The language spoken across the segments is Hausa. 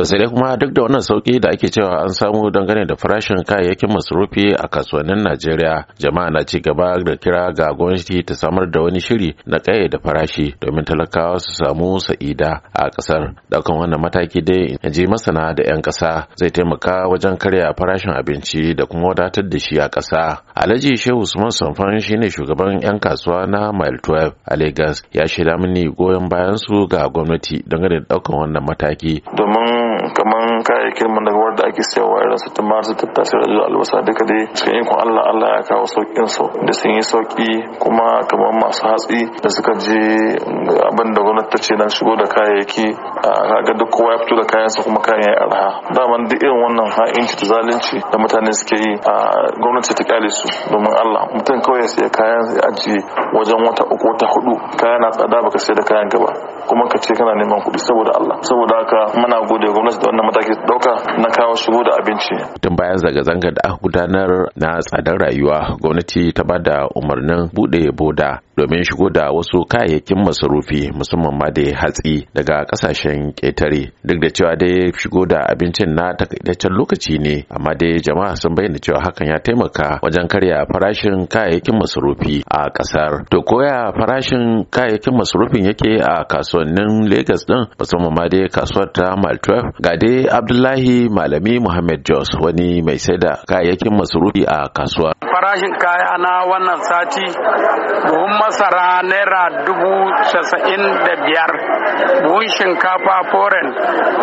to sai dai kuma duk da wannan sauki da ake cewa an samu dangane da farashin kayayyakin masarufi a kasuwannin najeriya jama'a na ci gaba da kira ga gwamnati ta samar da wani shiri na kaya da farashi domin talakawa su samu sa'ida a kasar daukan wannan mataki dai in masana da 'yan kasa zai taimaka wajen karya farashin abinci da kuma wadatar da shi a kasa alhaji shehu usman samfan shine shugaban 'yan kasuwa na mile 12 a lagos ya shaida mini goyon bayansu ga gwamnati dangane da daukan wannan mataki Come on. sauran kayayyakin mu daga wanda ake sayarwa irin su tumatir su tattasai da albasa duka dai cikin ikon Allah Allah ya kawo saukin su da sun yi sauki kuma kamar masu hatsi da suka je abin da gwamnati ta ce nan shigo da kayayyaki kaga duk kowa ya fito da kayan sa kuma kayan ya arha daman duk irin wannan ha'inci da zalunci da mutane suke yi a gwamnati ta kyale su domin Allah mutum kawai ya saya kayan ya ajiye wajen wata uku wata hudu kayan na tsada baka sai da kayan gaba kuma ka ce kana neman kuɗi saboda Allah saboda haka muna gode gwamnati da wannan mataki ake dauka na kawo shigo da abinci tun bayan zanga-zangar da aka gudanar na tsadar rayuwa gwamnati ta bada umarnin bude boda domin shigo da wasu kayayyakin masarufi musamman ma da hatsi daga kasashen ƙetare duk da cewa dai shigo da abincin na takaitaccen lokaci ne amma dai jama'a sun bayyana cewa hakan ya taimaka wajen karya farashin kayayyakin masarufi a ƙasar to koya farashin kayayyakin masarufin yake a kasuwannin Legas din musamman ma dai kasuwar ta Mile 12 ga dai Abdullahi Malami Muhammad Jos wani mai saida kayayyakin masarufi a kasuwa farashin kaya na wannan sati masara naira dubu casa'in da biyar buhun shinkafa foren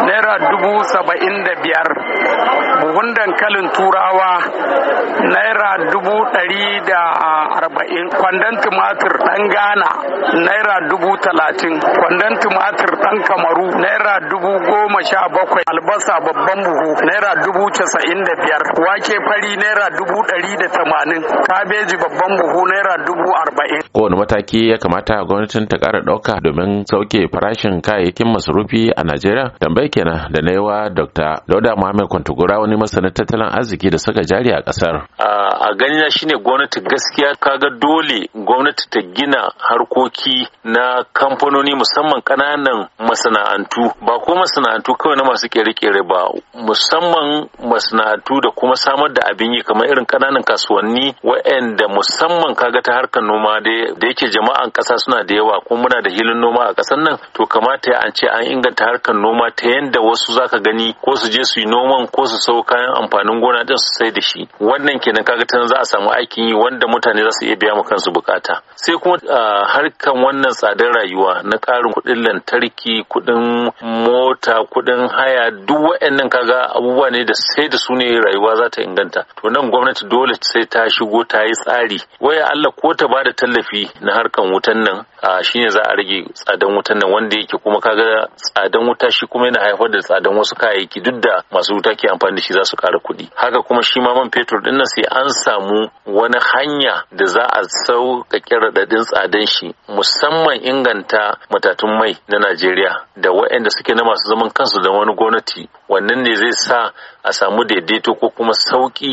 naira dubu saba'in da biyar buhun dankalin turawa naira dubu ɗari da arba'in kwandon tumatir ɗan ghana naira dubu talatin kwandon tumatir ɗan kamaru naira dubu goma sha bakwai albasa babban buhu naira dubu casa'in da biyar wake fari naira dubu ɗari da tamanin kabeji babban buhu naira dubu arba'in mataki ya kamata gwamnatin ta kara ɗauka domin sauke farashin kayayyakin masarufi a Najeriya? Tambayi kenan da na yawa Dr. Dauda Muhammad Kwantugura, wani masanin tattalin arziki da saka jari a ƙasar. A ganina shine gwamnati gaskiya kaga dole gwamnati ta gina harkoki na kamfanoni musamman ƙananan masana'antu ba ko masana'antu kawai na masu kere-kere ba musamman masana'antu da kuma samar da abin yi kamar irin ƙananan kasuwanni waɗanda musamman kaga ta harkar noma dai da yake jama'an kasa suna da yawa kuma muna da hilin noma a ƙasar nan to kamata ya an ce an inganta harkar noma ta yanda wasu zaka gani ko su je su yi noman ko su sau kayan amfanin gona din su sai da shi wannan kenan kaga tana za a samu aikin yi wanda mutane za su iya biya ma kansu bukata sai kuma harkan wannan tsadar rayuwa na ƙarin kuɗin lantarki kuɗin mota kuɗin haya duk waɗannan kaga abubuwa ne da sai da su ne rayuwa za ta inganta to nan gwamnati dole sai ta shigo ta yi tsari waya Allah ko ta bada tallafi na harkan wutan nan a shine za a rage tsadan wutan nan wanda yake kuma kaga tsadan wuta shi kuma yana haifar da tsadan wasu kayayyaki duk da masu wuta ke amfani da shi za su ƙara kuɗi haka kuma shi ma man fetur din nan sai an samu wani hanya da za a sauƙaƙe raɗaɗin tsadan shi musamman inganta matatun mai na Najeriya da waɗanda suke na masu zaman kansu da wani gwamnati wannan ne zai sa a samu daidaito ko kuma sauƙi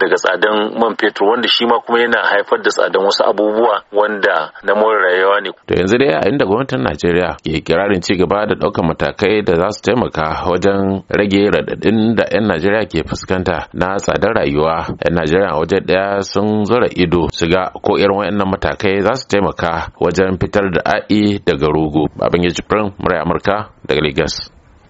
daga tsadan man fetur wanda shi ma kuma yana haifar da tsadan wasu abubuwa wanda na more rayuwa ne. To yanzu dai a inda gwamnatin Najeriya ke kirarin ci gaba da ɗaukar matakai da za su taimaka wajen rage raɗaɗin da 'yan Najeriya ke fuskanta na tsadar rayuwa. 'Yan Najeriya waje ɗaya sun zura ido su ga ko irin wayannan matakai za su taimaka wajen fitar da a'i daga Rugu, Babangiji Firin, Murai Amurka daga Legas.